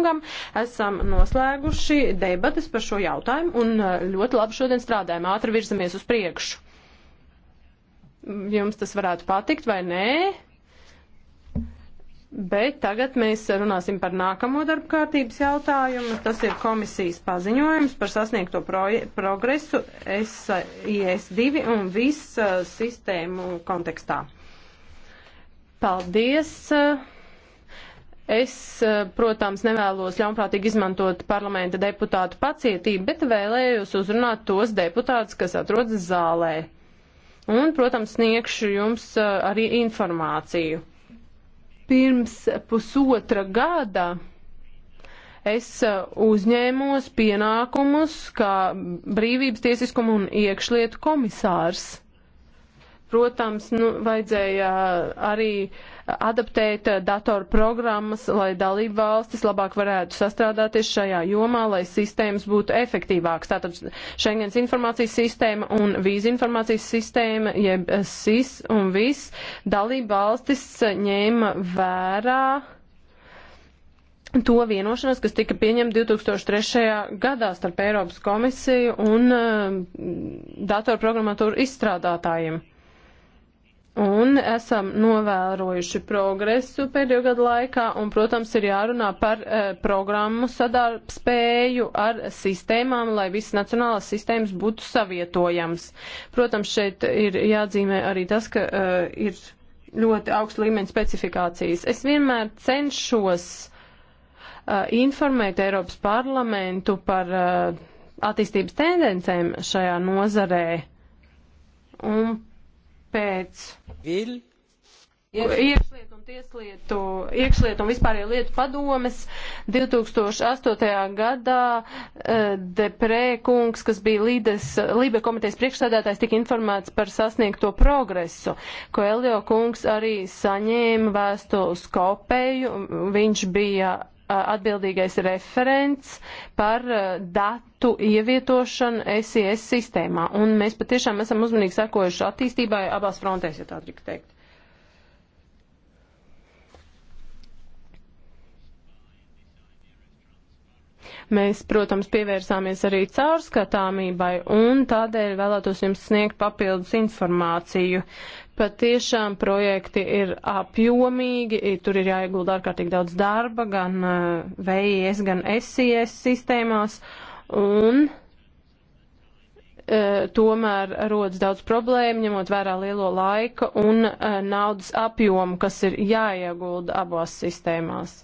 kungam. Esam noslēguši debatas par šo jautājumu un eh, ļoti labi šodien strādājam, ātri virzamies uz priekšu. Jums tas varētu patikt vai nē? Bet tagad mēs runāsim par nākamo darba kārtības jautājumu. Tas ir komisijas paziņojums par sasniegto progresu IS2 un visu eh, sistēmu kontekstā. Paldies! Eh, Es, eh, protams, nevēlos ļaunprātīgi izmantot parlamenta deputātu pacietību, bet vēlējos uzrunāt tos deputātus, kas atrodas zālē. Un, protams, sniegšu jums eh, arī informāciju. Pirms pusotra gada es eh, uzņēmos pienākumus kā brīvības tiesiskuma un iekšlietu komisārs. Protams, nu, vajadzēja arī uh, adaptēt datoru programmas, lai dalību valstis labāk varētu sastrādāties šajā jomā, lai sistēmas būtu efektīvākas. Tātad Schengens informācijas sistēma un vīza informācijas sistēma, jeb SIS un VIS, dalību valstis ņēma vērā to vienošanos, kas tika pieņemta 2003. gadā starp Eiropas komisiju un uh, eh, datorprogramatūru izstrādātājiem un esam novērojuši progresu pēdējo gadu laikā, un, protams, ir jārunā par e, programmu sadarbspēju ar sistēmām, lai visas nacionālās sistēmas būtu savietojams. Protams, šeit ir jāatzīmē arī tas, ka e, ir ļoti augsts līmeņa specifikācijas. Es vienmēr cenšos e, informēt Eiropas parlamentu par e, attīstības tendencēm šajā nozarē. Un pēc iekšlietu un tieslietu, iekšlietu un vispārējo lietu padomes 2008. gadā eh, Deprē kungs, kas bija līdes, Lībe komitejas priekšsādātājs, tika informēts par sasniegto progresu, ko Elio kungs arī saņēma vēstules kopēju, viņš bija atbildīgais referents par datu ievietošanu SIS sistēmā. Un mēs patiešām esam uzmanīgi sakojuši attīstībai abās frontēs, ja tā drīkst teikt. Mēs, protams, pievērsāmies arī caurskatāmībai un tādēļ vēlētos jums sniegt papildus informāciju. Patiešām projekti ir apjomīgi, tur ir jāiegulda ārkārtīgi daudz darba, gan e, VIS, gan SIS sistēmās, un e, tomēr rodas daudz problēmu, ņemot vērā lielo laika un e, naudas apjomu, kas ir jāiegulda abās sistēmās.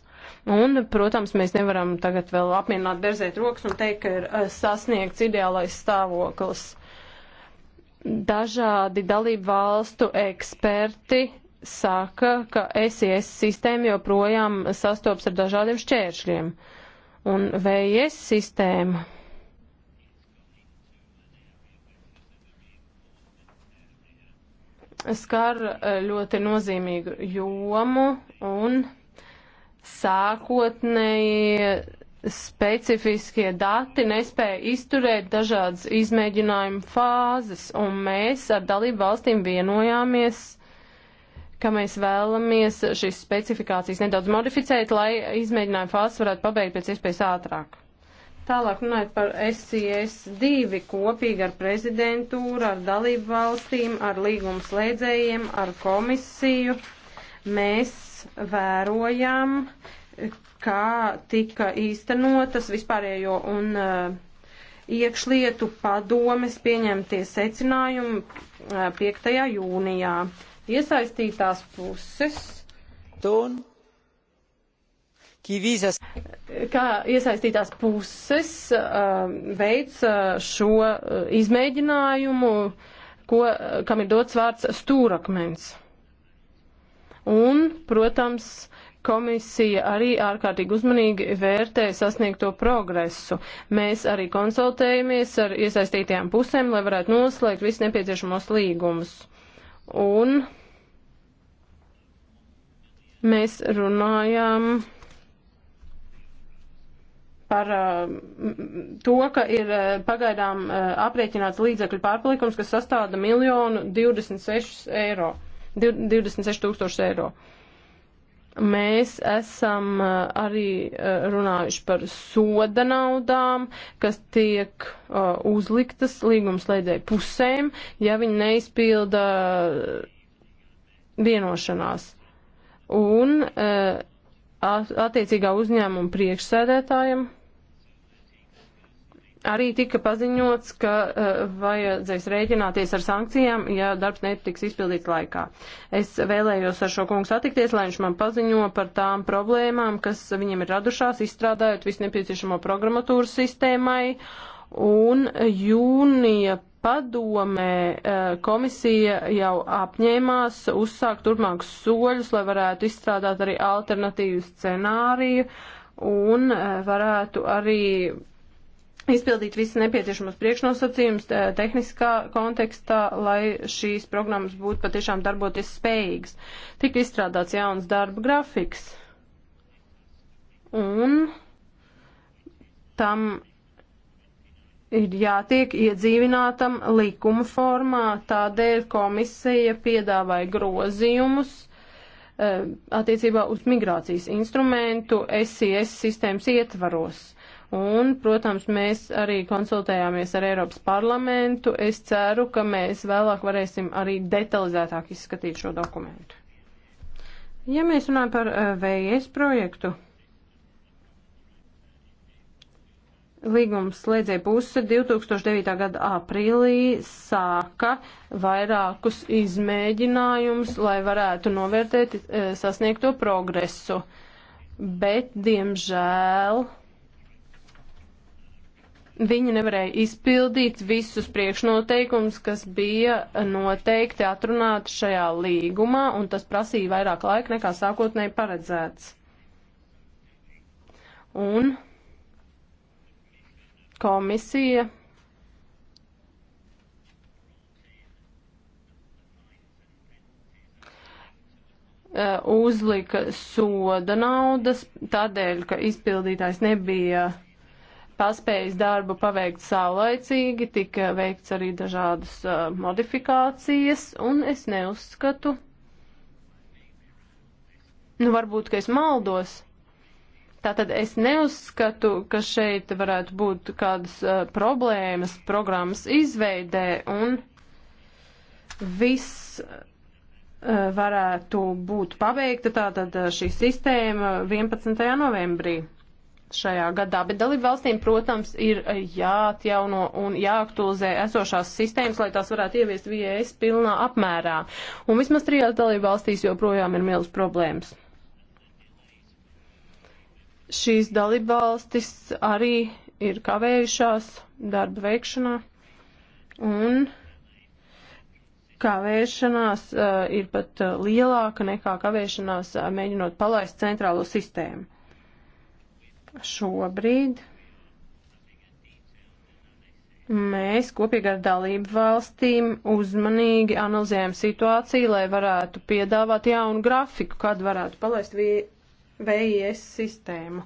Un, protams, mēs nevaram tagad vēl apmierināt, berzēt rokas un teikt, ka ir sasniegts ideālais stāvoklis. Dažādi dalību valstu eksperti saka, ka SIS sistēma joprojām sastopas ar dažādiem šķēršļiem. Un VIS sistēma skar e, ļoti nozīmīgu jomu un sākotnēji specifiskie dati nespēja izturēt dažādas izmēģinājuma fāzes, un mēs ar dalību valstīm vienojāmies, ka mēs vēlamies šīs specifikācijas nedaudz modificēt, lai izmēģinājuma fāzes varētu pabeigt pēc iespējas ātrāk. Tālāk runājot par SCS2 kopīgi ar prezidentūru, ar dalību valstīm, ar līgumu slēdzējiem, ar komisiju, mēs vērojam, uh, kā tika īstenotas vispārējo un uh, iekšlietu padomes pieņemtie secinājumi uh, eh, 5. jūnijā. Iesaistītās puses. Tun. Eh, kā iesaistītās puses uh, veids šo izmēģinājumu, ko, kam ir dots vārds stūrakmens. Un, protams, Komisija arī ārkārtīgi uzmanīgi vērtē sasniegto progresu. Mēs arī konsultējamies ar iesaistītajām pusēm, lai varētu noslēgt visus nepieciešamos līgumus. Un mēs runājām par uh, to, ka ir uh, pagaidām uh, aprēķināts līdzekļu pārpalikums, kas sastāda miljonu 26 eiro, 26 tūkstoši eiro. Uh, mēs esam uh, arī uh, runājuši par soda naudām, kas tiek uh, uzliktas līgumslēdēju pusēm, ja viņi neizpilda vienošanās. Un attiecīgā uzņēmuma priekšsēdētājiem arī tika paziņots, ka uh, vajadzēs rēķināties ar sankcijām, ja darbs netiks izpildīts laikā. Es vēlējos ar šo kungu satikties, lai viņš man paziņo par tām problēmām, kas viņiem ir radušās, izstrādājot visnepieciešamo programmatūras sistēmai. Un jūnija padomē eh, komisija jau apņēmās uzsākt turpmākus soļus, lai varētu izstrādāt arī alternatīvu scenāriju un eh, varētu arī izpildīt visus nepieciešamos priekšnosacījumus tehniskā kontekstā, lai šīs programmas būtu patiešām darboties spējīgas. Tik izstrādāts jauns darba grafiks. Un tam ir jātiek iedzīvinātam likuma formā, tādēļ komisija piedāvāja grozījumus eh, attiecībā uz migrācijas instrumentu SIS sistēmas ietvaros. Un, protams, mēs arī konsultējāmies ar Eiropas parlamentu. Es ceru, ka mēs vēlāk varēsim arī detalizētāk izskatīt šo dokumentu. Ja mēs runājam par eh, VIS projektu, līgums slēdzēja puse 2009. gada aprīlī sāka vairākus izmēģinājumus, lai varētu novērtēt eh, sasniegto progresu. Bet, diemžēl, Viņi nevarēja izpildīt visus priekšnoteikumus, kas bija noteikti atrunāti šajā līgumā, un tas prasīja vairāk laika nekā sākotnēji paredzēts. Un komisija uzlika soda naudas, tādēļ, ka izpildītājs nebija uh, paspējis darbu paveikt saulaicīgi, tika veikts arī dažādas uh, modifikācijas, un es neuzskatu, nu varbūt, ka es maldos. Tātad es neuzskatu, ka šeit varētu būt kādas uh, problēmas programmas izveidē, un viss varētu būt pabeigta tātad šī sistēma 11. novembrī šajā gadā, bet dalību valstīm, protams, ir eh, jāatjauno un jāaktualizē esošās sistēmas, lai tās varētu ieviest VIS e pilnā apmērā. Un vismaz trijās dalību valstīs joprojām ir milz problēmas. Šīs dalību valstis arī ir kavējušās darba veikšanā un kavēšanās uh, ir pat uh, lielāka nekā kavēšanās uh, mēģinot palaist centrālo sistēmu. Šobrīd Mēs kopīgi ar dalību valstīm uzmanīgi analizējam situāciju, lai varētu piedāvāt jaunu grafiku, kad varētu palaist VIS sistēmu.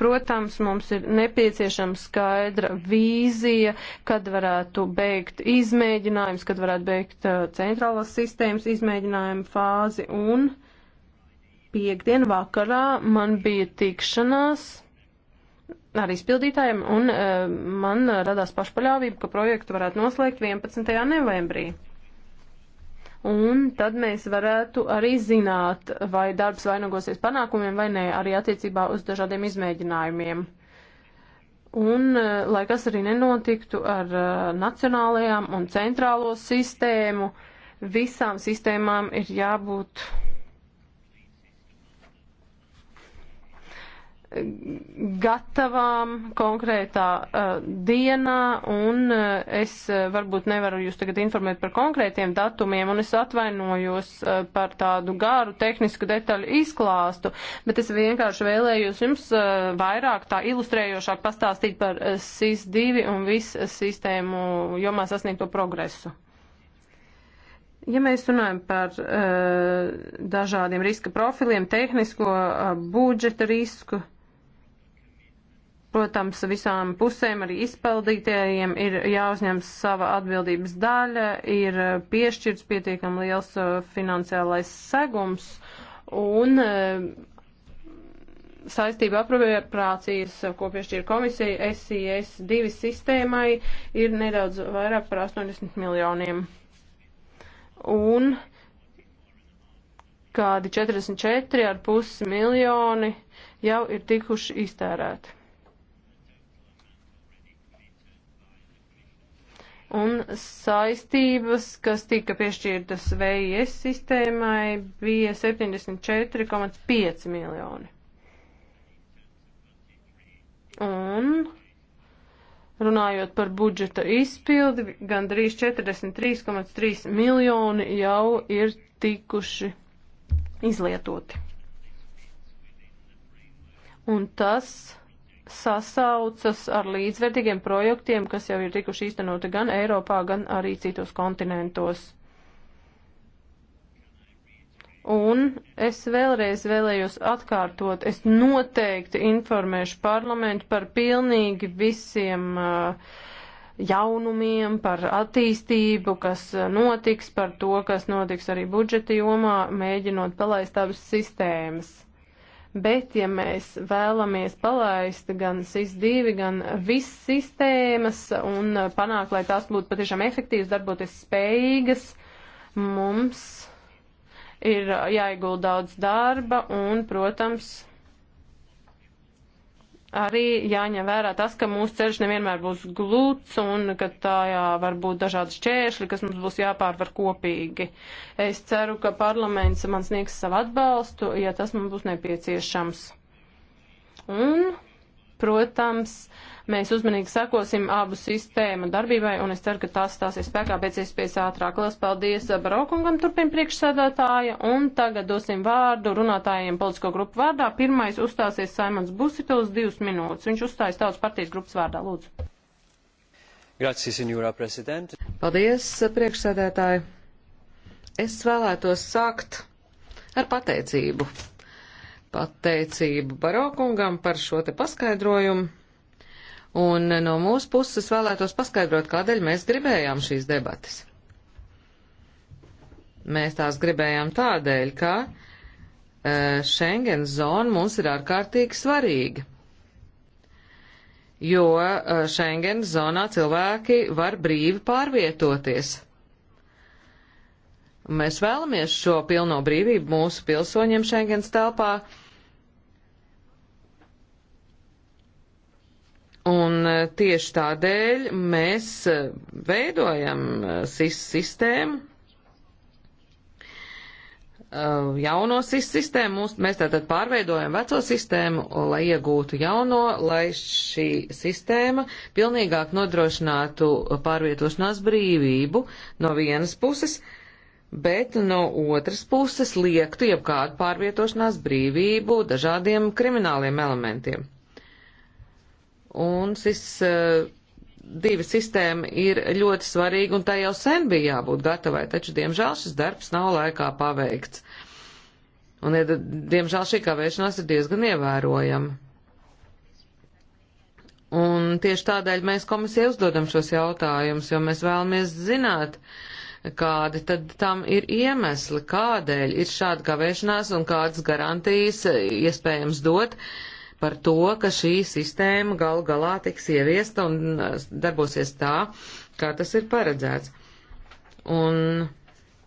Protams, mums ir nepieciešama skaidra vīzija, kad varētu beigt izmēģinājums, kad varētu beigt uh, centrālās sistēmas izmēģinājumu fāzi. Un piekdien vakarā man bija tikšanās ar izpildītājiem, un uh, man radās pašpaļāvība, ka projektu varētu noslēgt 11. novembrī. Un tad mēs varētu arī zināt, vai darbs vainagosies panākumiem vai nē, arī attiecībā uz dažādiem izmēģinājumiem. Un, uh, lai kas arī nenotiktu ar uh, nacionālajām un centrālo sistēmu, visām sistēmām ir jābūt gatavām konkrētā uh, dienā, un uh, es uh, varbūt nevaru jūs tagad informēt par konkrētiem datumiem, un es atvainojos uh, par tādu garu tehnisku detaļu izklāstu, bet es vienkārši vēlējos jums uh, vairāk tā ilustrējošāk pastāstīt par uh, SIS-2 un visu sistēmu jomā sasniegto progresu. Ja mēs runājam par uh, dažādiem riska profiliem, tehnisko uh, budžeta risku, uh, Protams, visām pusēm, arī izpildītējiem, ir jāuzņems sava atbildības daļa, ir piešķirts pietiekami liels uh, finansiālais segums un uh, saistība apropriācijas, ko piešķīra komisija SIS divi sistēmai, ir nedaudz vairāk par 80 miljoniem. Un kādi 44,5 miljoni jau ir tikuši iztērēti. un saistības, kas tika piešķirtas VIS sistēmai, bija 74,5 miljoni. Un runājot par budžeta izpildi, gandrīz 43,3 miljoni jau ir tikuši izlietoti. Un tas sasaucas ar līdzvērtīgiem projektiem, kas jau ir tikuši īstenoti gan Eiropā, gan arī citos kontinentos. Un es vēlreiz vēlējos atkārtot, es noteikti informēšu parlamentu par pilnīgi visiem uh, jaunumiem, par attīstību, kas uh, notiks, par to, kas notiks arī budžeta jomā, mēģinot palaist abas sistēmas bet ja mēs vēlamies palaist gan SIS-2, gan visas sistēmas un panākt, lai tās būtu patiešām efektīvas, darboties spējīgas, mums ir jāiegulda daudz darba un, protams, arī jāņem vērā tas, ka mūsu ceļš nevienmēr būs glūts un ka tajā var būt dažādi šķēršļi, kas mums būs jāpārvar kopīgi. Es ceru, ka parlaments man sniegs savu atbalstu, ja tas man būs nepieciešams. Un, protams, uh, Mēs uzmanīgi sekosim abu sistēmu darbībai, un es ceru, ka tās stāsies spēkā pēc iespējas ātrāk. Lielas paldies uh, Barokungam, turpin priekšsēdētāja, un tagad dosim vārdu runātājiem politisko grupu vārdā. Pirmais uzstāsies Saimons Busitils divas minūtes. Viņš uzstājas tautas partijas grupas vārdā. Lūdzu. Paldies, uh, priekšsēdētāji! Es vēlētos sākt ar pateicību. Pateicību Barokungam par šo te paskaidrojumu. Un no mūsu puses vēlētos paskaidrot, kādēļ mēs gribējām šīs debatas. Mēs tās gribējām tādēļ, ka e, Schengen zona mums ir ārkārtīgi svarīga, jo e, Schengen zonā cilvēki var brīvi pārvietoties. Mēs vēlamies šo pilno brīvību mūsu pilsoņiem Schengens telpā, uh, Un e, tieši tādēļ mēs e, veidojam e, SIS sistēmu, jauno SIS sistēmu, mēs tātad pārveidojam veco sistēmu, lai iegūtu jauno, lai šī sistēma pilnīgāk nodrošinātu pārvietošanās brīvību no vienas puses, bet no otras puses liektu jebkādu pārvietošanās brīvību dažādiem krimināliem elementiem. Un SIS eh, divi sistēma ir ļoti svarīga, un tā jau sen bija jābūt gatavai, taču, diemžēl, šis darbs nav laikā paveikts. Un, ja, diemžēl, šī kavēšanās ir diezgan ievērojama. Un tieši tādēļ mēs komisijai uzdodam šos jautājumus, jo mēs vēlamies zināt, kādi tad tam ir iemesli, kādēļ ir šāda kavēšanās un kādas garantijas iespējams dot uh, par to, ka šī sistēma gal galā tiks ieviesta un uh, darbosies tā, kā tas ir paredzēts. Un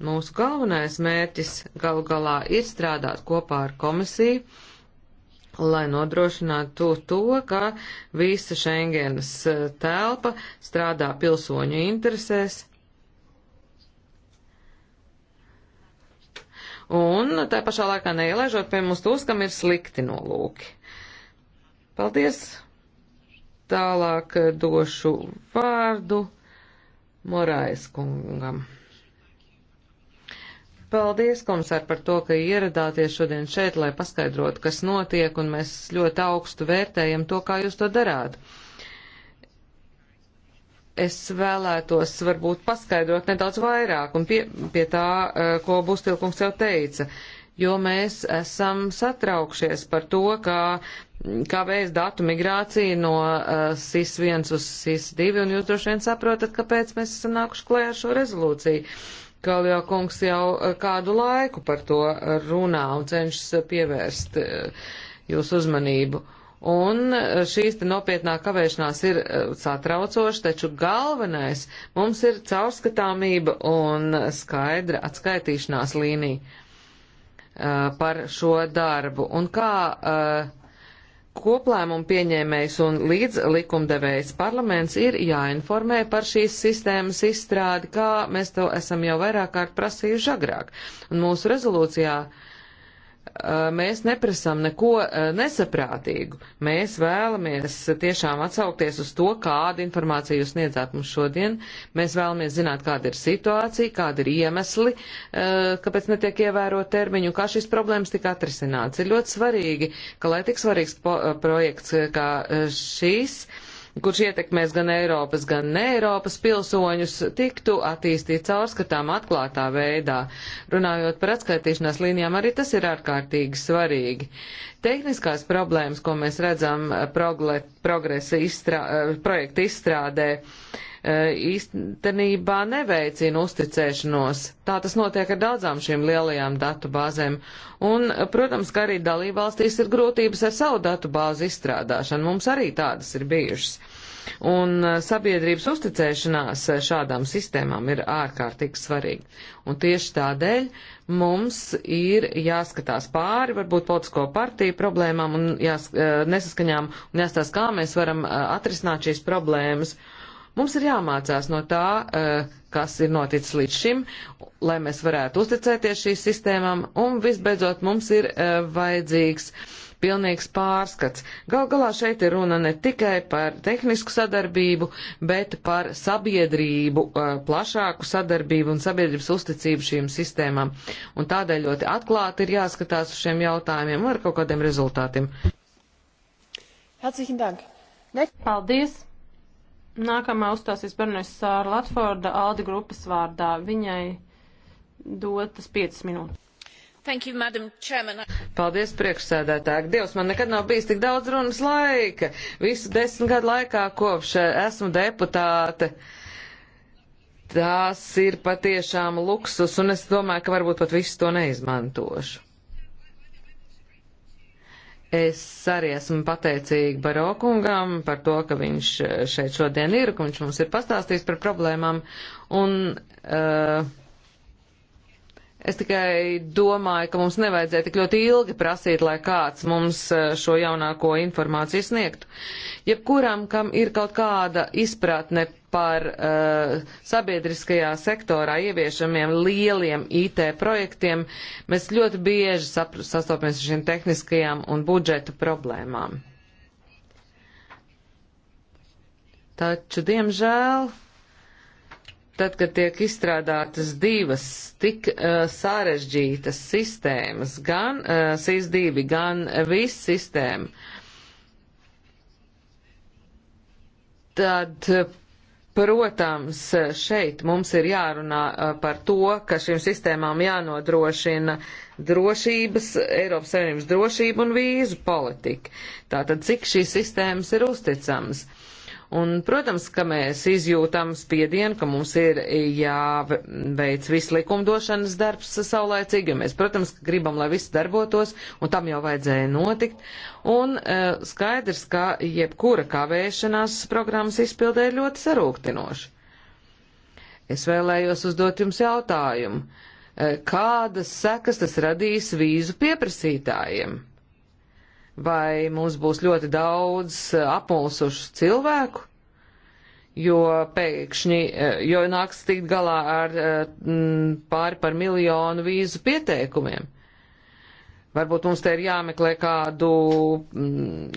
mūsu galvenais mērķis gal galā ir strādāt kopā ar komisiju, lai nodrošinātu to, ka visa Schengenas uh, telpa strādā pilsoņu interesēs. un tā pašā laikā neielaižot pie mums tos, kam ir slikti nolūki. Paldies! Tālāk eh, došu vārdu Morais kungam. Paldies, komisār, par to, ka ieradāties šodien šeit, lai paskaidrotu, kas notiek, un mēs ļoti augstu vērtējam to, kā jūs to darāt. Es vēlētos varbūt paskaidrot nedaudz vairāk, un pie, pie tā, eh, ko Bustilkungs jau teica. Uh, jo mēs esam satraukšies par to, kā, kā veids datu migrācija no uh, eh, SIS-1 uz SIS-2, un jūs droši vien saprotat, kāpēc mēs esam nākuši klajā ar šo rezolūciju. Kaljā kungs jau eh, kādu laiku par to runā un cenšas pievērst uh, jūsu uzmanību. Un šīs te nopietnā kavēšanās ir satraucoši, taču galvenais mums ir caurskatāmība un skaidra atskaitīšanās līnija. Uh, par šo darbu un kā uh, koplēmumu pieņēmējs un līdz likumdevējs parlaments ir jāinformē par šīs sistēmas izstrādi, kā mēs to esam jau vairāk kārt prasījuši agrāk. Un mūsu rezolūcijā uh, Eh, mēs neprasām neko eh, nesaprātīgu. Mēs vēlamies tiešām atsaukties uz to, kādu informāciju jūs sniedzāt mums šodien. Mēs vēlamies zināt, kāda ir situācija, kāda ir iemesli, eh, kāpēc netiek ievērot termiņu, kā šīs problēmas tika atrisināts. Ir ļoti svarīgi, ka lai tik svarīgs projekts kā šīs, kurš ietekmēs gan Eiropas, gan ne Eiropas pilsoņus, tiktu attīstīts caurskatām atklātā veidā. Runājot par atskaitīšanās līnijām, arī tas ir ārkārtīgi svarīgi. Tehniskās problēmas, ko mēs redzam eh, progresa izstrā, eh, projekta izstrādē, uh, E, īstenībā neveicina uzticēšanos. Tā tas notiek ar daudzām šīm lielajām datu bāzēm. Un, protams, ka arī dalībvalstīs ir grūtības ar savu datu bāzi izstrādāšanu. Mums arī tādas ir bijušas. Un e, sabiedrības uzticēšanās šādām sistēmām ir ārkārtīgi svarīga. Un tieši tādēļ mums ir jāskatās pāri, varbūt politisko partiju problēmām un jās, e, nesaskaņām un jāstāsta, kā mēs varam atrisināt šīs problēmas. Uh, Mums ir jāmācās no tā, eh, kas ir noticis līdz šim, lai mēs varētu uzticēties šīs sistēmām, un visbeidzot mums ir eh, vajadzīgs pilnīgs pārskats. Gal galā šeit ir runa ne tikai par tehnisku sadarbību, bet par sabiedrību, eh, plašāku sadarbību un sabiedrības uzticību šīm sistēmām. Un tādēļ ļoti atklāti ir jāskatās uz šiem jautājumiem ar kaut kādiem rezultātiem. Herzlichen Dank! Paldies! Nākamā uzstāsies Bernies Sāra Latforda Aldi grupas vārdā. Viņai dotas 5 minūtes. Thank you, Madam Chairman. Paldies, priekšsēdētāji. Dievs, man nekad nav bijis tik daudz runas laika. Visu desmit gadu laikā, kopš eh, esmu deputāte, tās ir patiešām luksus, un es domāju, ka varbūt pat visu to neizmantošu. Es arī esmu pateicīga Barokungam par to, ka viņš eh, šeit šodien ir, ka viņš mums ir pastāstījis par problēmām. Un uh, es tikai domāju, ka mums nevajadzēja tik ļoti ilgi prasīt, lai kāds mums eh, šo jaunāko informāciju sniegtu. Jebkuram, kam ir kaut kāda izpratne par uh, sabiedriskajā sektorā ieviešamiem lieliem IT projektiem, mēs ļoti bieži sastopamies ar šīm tehniskajām un budžeta problēmām. Taču, diemžēl, tad, kad tiek izstrādātas divas tik uh, sarežģītas sistēmas, gan uh, eh, SIS-2, gan VIS sistēma, tad uh, Protams, šeit mums ir jārunā par to, ka šīm sistēmām jānodrošina drošības, Eiropas Savienības drošība un vīzu politika. Tātad, cik šīs sistēmas ir uzticamas? Uh, Un, protams, ka mēs izjūtam spiedienu, ka mums ir jāveic viss likumdošanas darbs saulēcīgi, jo mēs, protams, gribam, lai viss darbotos, un tam jau vajadzēja notikt. Un uh, skaidrs, ka jebkura kavēšanās programmas izpildē ir ļoti sarūktinoši. Es vēlējos uzdot jums jautājumu, e, kādas sekas tas radīs vīzu pieprasītājiem? vai mums būs ļoti daudz eh, apmulsušu cilvēku, jo pēkšņi, eh, jo nāks tikt galā ar eh, pāri par miljonu vīzu pieteikumiem. Varbūt mums te ir jāmeklē kādu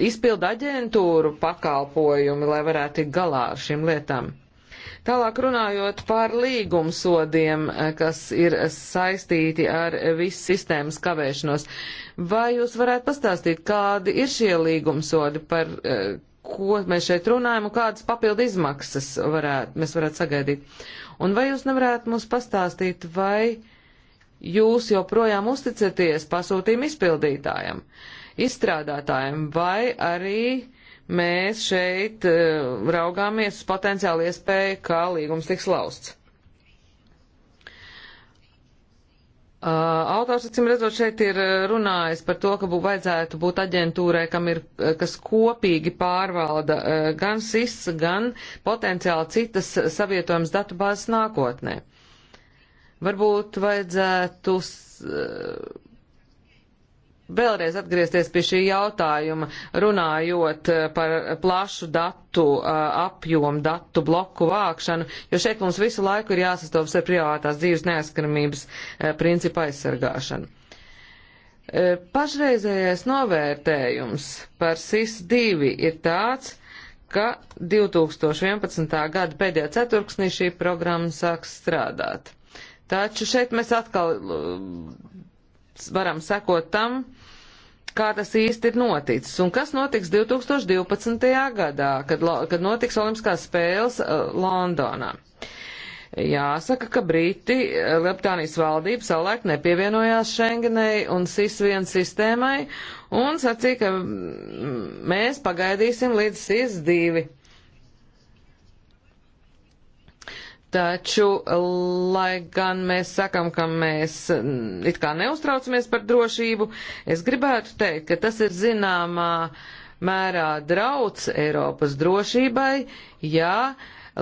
izpildu aģentūru pakalpojumi, lai varētu tikt galā ar šīm lietām. Tālāk runājot par līgumsodiem, eh, kas ir saistīti ar visu sistēmas kavēšanos, vai jūs varētu pastāstīt, kādi ir šie līgumsodi, par eh, ko mēs šeit runājam un kādas papildu izmaksas varētu, mēs varētu sagaidīt? Un vai jūs nevarētu mums pastāstīt, vai jūs joprojām uzticaties pasūtījumu izpildītājam, izstrādātājam, vai arī mēs šeit eh, raugāmies uz potenciālu iespēju, kā līgums tiks lausts. Eh, autors, acīm redzot, šeit ir eh, runājis par to, ka bū, vajadzētu būt aģentūrai, kam ir, kas kopīgi pārvalda gan SIS, gan potenciāli citas savietojums datubāzes nākotnē. Varbūt vajadzētu vēlreiz atgriezties pie šī jautājuma, runājot eh, par plašu datu eh, apjomu, datu bloku vākšanu, jo šeit mums visu laiku ir jāsastopas ar privātās dzīves neaizskaramības eh, principu aizsargāšanu. Pašreizējais novērtējums par SIS-2 ir tāds, ka 2011. gada pēdējā ceturksnī šī programma sāks strādāt. Taču šeit mēs atkal varam sekot tam, kā tas īsti ir noticis. Un kas notiks 2012. gadā, kad, kad notiks Olimpiskās spēles uh, Londonā? Jāsaka, ka Briti uh, Lietuvānijas valdība savulaik nepievienojās Schengenai un SIS-1 sistēmai un sacīja, ka mm, mēs pagaidīsim līdz SIS-2 Taču, lai gan mēs sakam, ka mēs it kā neuztraucamies par drošību, es gribētu teikt, ka tas ir zināmā mērā drauds Eiropas drošībai, ja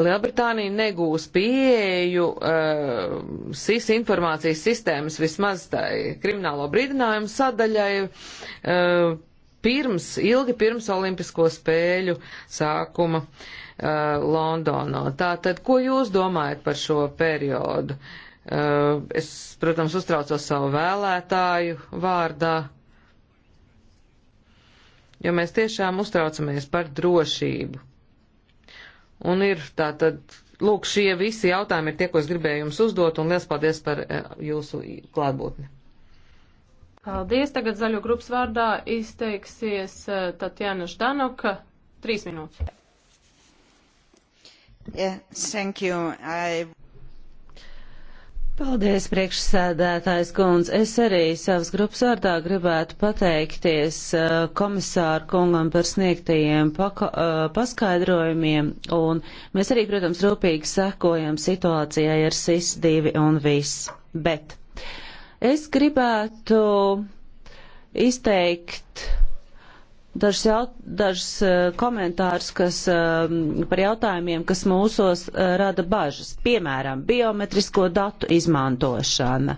Lielbritānija negūs pieeju uh, SIS informācijas sistēmas vismaz tai kriminālo brīdinājumu sadaļai. Uh, pirms, ilgi pirms Olimpisko spēļu sākuma. Uh, Uh, Londonā. Tātad, ko jūs domājat par šo periodu? Uh, es, protams, uztraucos savu vēlētāju vārdā, jo mēs tiešām uztraucamies par drošību. Un ir tātad, lūk, šie visi jautājumi ir tie, ko es gribēju jums uzdot, un liels paldies par uh, jūsu klātbūtni. Paldies. Tagad zaļo grupas vārdā izteiksies Tatjana Ždanoka. Trīs minūtes. Yeah, thank you. I... Paldies, priekšsēdētājs kundze. Es arī savas grupas vārdā gribētu pateikties uh, komisāru kungam par sniegtajiem paka, uh, paskaidrojumiem, un mēs arī, protams, rūpīgi sekojam situācijai ar SIS-2 un viss. Bet es gribētu izteikt Dažs, jaut, dažs eh, komentārs kas, eh, par jautājumiem, kas mūsos eh, rada bažas. Piemēram, biometrisko datu izmantošana.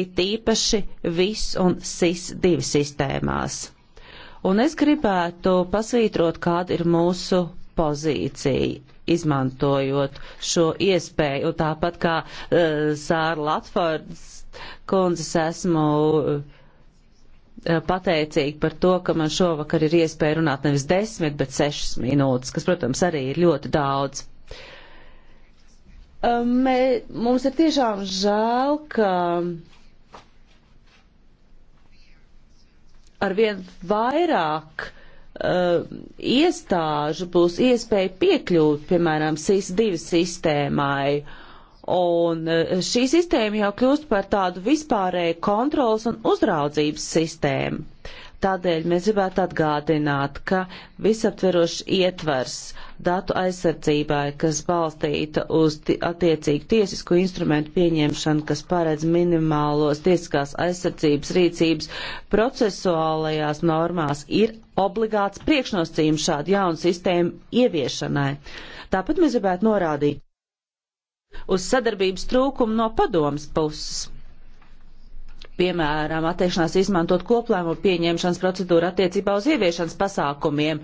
It īpaši VIS un SIS-2 sistēmās. Un es gribētu pasvītrot, kāda ir mūsu pozīcija izmantojot šo iespēju. Un tāpat kā uh, Sāra Latvārds kundzes esmu. Uh, Eh, pateicīgi par to, ka man šovakar ir iespēja runāt nevis desmit, bet sešas minūtes, kas, protams, arī ir ļoti daudz. Eh, mē, mums ir tiešām žēl, ka arvien vairāk uh, iestāžu būs iespēja piekļūt, piemēram, SIS-2 sistēmai. Uh, Un e, šī sistēma jau kļūst par tādu vispārēju kontrolas un uzraudzības sistēmu. Tādēļ mēs gribētu atgādināt, ka visaptverošs ietvers datu aizsardzībai, kas balstīta uz attiecīgu tiesisku instrumentu pieņemšanu, kas paredz minimālos tiesiskās aizsardzības rīcības procesuālajās normās, ir obligāts priekšnosacījums šādu jaunu sistēmu ieviešanai. Tāpat mēs gribētu norādīt, uz sadarbības trūkumu no padomas puses. Piemēram, atteikšanās izmantot koplēmu pieņemšanas procedūru attiecībā uz ieviešanas pasākumiem.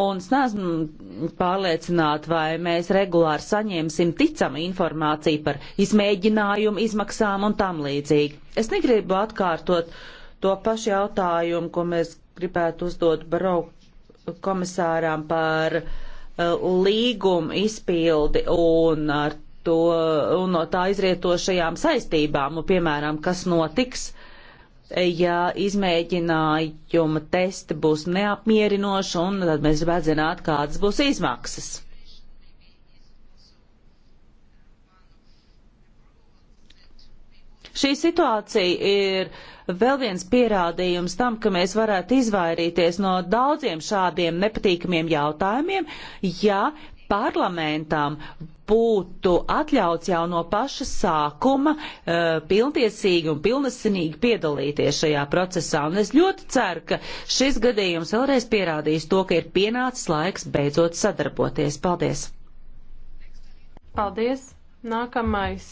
Un es neesmu pārliecināta, vai mēs regulāri saņemsim ticamu informāciju par izmēģinājumu, izmaksām un tam līdzīgi. Es negribu atkārtot to pašu jautājumu, ko mēs gribētu uzdot Barau komisārām par uh, līgumu izpildi un ar uh, to un no tā izrietošajām saistībām, un, nu, piemēram, kas notiks, ja izmēģinājuma testi būs neapmierinoši, un tad mēs gribētu zināt, kādas būs izmaksas. Šī situācija ir vēl viens pierādījums tam, ka mēs varētu izvairīties no daudziem šādiem nepatīkamiem jautājumiem, ja parlamentam būtu atļauts jau no paša sākuma uh, pilntiesīgi un pilnesinīgi piedalīties šajā procesā. Un es ļoti ceru, ka šis gadījums vēlreiz pierādīs to, ka ir pienācis laiks beidzot sadarboties. Paldies! Paldies! Nākamais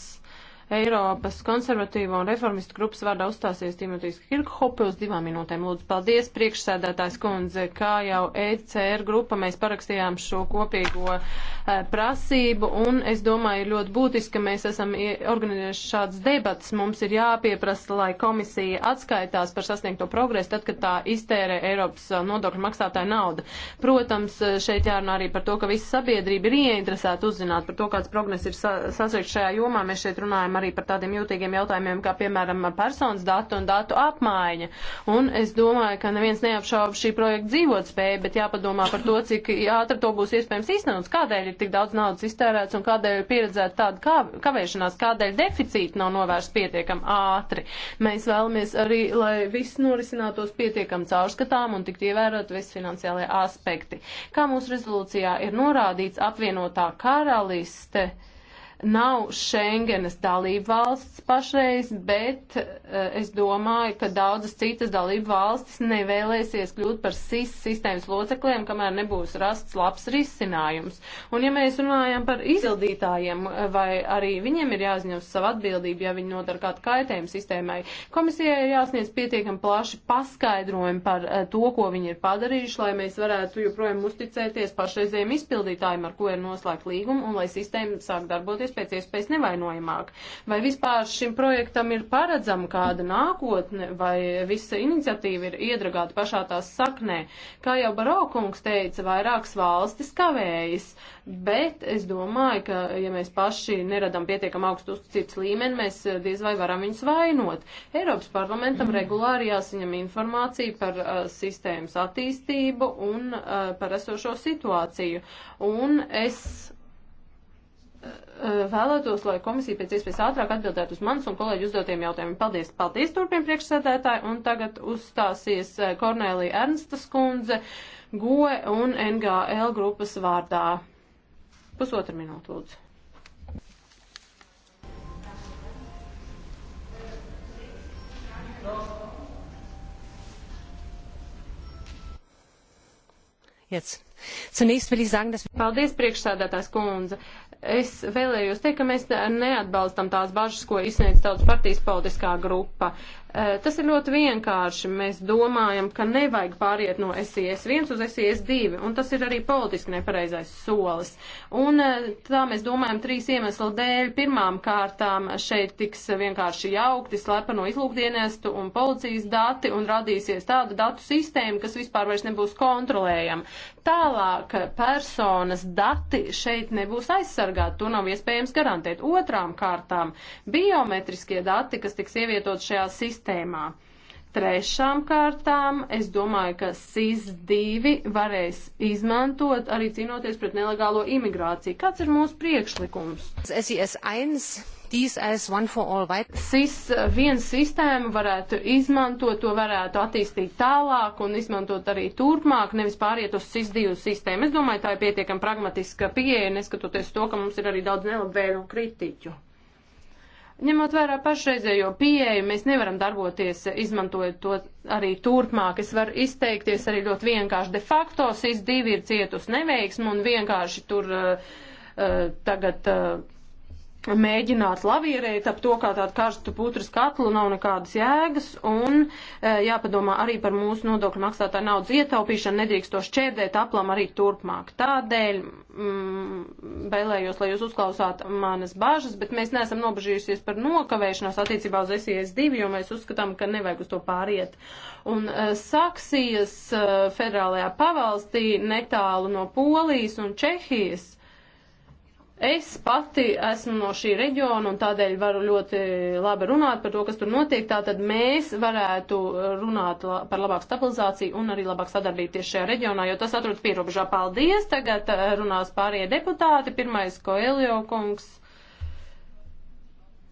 Eiropas konservatīvo un reformistu grupas vārdā uzstāsies Timotīs Kirkhope uz divām minūtēm. Lūdzu, paldies, priekšsēdētājs kundze, kā jau ECR grupa mēs parakstījām šo kopīgo eh, prasību, un es domāju, ir ļoti būtiski, ka mēs esam organizējuši šāds debats. Mums ir jāpieprasa, lai komisija atskaitās par sasniegto progresu, tad, kad tā iztērē Eiropas eh, nodokļu maksātāju naudu. Protams, eh, šeit jārunā arī par to, ka visa sabiedrība ir ieinteresēta uzzināt par to, kāds progress ir sasniegts šajā jomā. Mēs šeit runājam arī par tādiem jūtīgiem jautājumiem, kā piemēram personas datu un datu apmaiņa. Un es domāju, ka neviens neapšauba šī projekta dzīvotspēju, bet jāpadomā par to, cik ātri to būs iespējams izsnauts, kādēļ ir tik daudz naudas iztērēts un kādēļ ir pieredzēta tāda kā, kavēšanās, kādēļ deficīti nav novērsts pietiekam ātri. Mēs vēlamies arī, lai viss norisinātos pietiekam caurskatām un tiktu ievērot visi finansiālie aspekti. Kā mūsu rezolūcijā ir norādīts, apvienotā karaliste nav Schengenes dalība valsts pašreiz, bet eh, es domāju, ka daudzas citas dalība valstis nevēlēsies kļūt par SIS sistēmas locekliem, kamēr nebūs rasts labs risinājums. Un ja mēs runājam par izildītājiem, eh, vai arī viņiem ir jāuzņem savu atbildību, ja viņi nodara kādu kaitējumu sistēmai, komisijai ir jāsniedz pietiekami plaši paskaidrojumi par eh, to, ko viņi ir padarījuši, lai mēs varētu joprojām uzticēties pašreizējiem izpildītājiem, ar ko ir noslēgt līgumu, un lai sistēma sāk darboties darboties pēc iespējas nevainojamāk. Vai vispār šim projektam ir paredzama kāda nākotne, vai visa iniciatīva ir iedragāta pašā tās saknē? Kā jau Barokungs teica, vairākas valstis kavējas, bet es domāju, ka ja mēs paši neradam pietiekam augstu uzticības līmeni, mēs eh, diez vai varam viņus vainot. Eiropas parlamentam regulāri jāsaņem informācija par uh, sistēmas attīstību un uh, par esošo situāciju. Un es Eh, vēlētos, lai komisija pēc iespējas ātrāk atbildētu uz manas un kolēģi uzdotiem jautājumiem. Paldies, paldies turpiem priekšsēdētāji, un tagad uzstāsies eh, Kornēlija Ernsta skundze, GOE un NGL grupas vārdā. Pusotra minūte, lūdzu. Jetzt. Zunächst will ich sagen, dass Paldies, priekšsēdētājs kundze es vēlējos teikt, ka mēs neatbalstam tās bažas, ko izsniedz tautas partijas politiskā grupa. Tas ir ļoti vienkārši. Mēs domājam, ka nevajag pāriet no SIS 1 uz SIS 2, un tas ir arī politiski nepareizais solis. Un tā mēs domājam trīs iemeslu dēļ. Pirmām kārtām šeit tiks vienkārši jaukti slepeno izlūkdienestu un policijas dati, un radīsies tāda datu sistēma, kas vispār vairs nebūs kontrolējama. Tālāk personas dati šeit nebūs aizsargāti, to nav iespējams garantēt. Otrām kārtām biometriskie dati, kas tiks ievietot šajā sistēmā, sistēmā. Trešām kārtām es domāju, ka SIS-2 varēs izmantot arī cīnoties pret nelegālo imigrāciju. Kāds ir mūsu priekšlikums? SIS-1 SIS eh, viens sistēmu varētu izmantot, to varētu attīstīt tālāk un izmantot arī turpmāk, nevis pāriet uz SIS divu sistēmu. Es domāju, tā ir pietiekami pragmatiska pieeja, neskatoties to, ka mums ir arī daudz nelabvēlu kritiķu. Ņemot vērā pašreizējo pieeju, mēs nevaram darboties, izmantojot to arī turpmāk. Es varu izteikties arī ļoti vienkārši. De facto SIS divi ir cietus neveiksmu un vienkārši tur uh, tagad. Uh, mēģināt lavierēt ap to kā tādu karstu putras katlu nav nekādas jēgas un e, jāpadomā arī par mūsu nodokļu maksātāju naudas ietaupīšanu, nedrīkst to šķērdēt aplam arī turpmāk. Tādēļ mm, vēlējos, lai jūs uzklausāt manas bažas, bet mēs neesam nobežījusies par nokavēšanos attiecībā uz SIS2, jo mēs uzskatām, ka nevajag uz to pāriet. Un e, Saksijas e, federālajā pavalstī netālu no Polijas un Čehijas Es pati esmu no šī reģiona un tādēļ varu ļoti labi runāt par to, kas tur notiek. Tātad mēs varētu runāt par labāku stabilizāciju un arī labāku sadarbību tieši šajā reģionā, jo tas atrodas pierobežā. Paldies! Tagad uh, runās pārējie deputāti. Pirmais Koeljo kungs.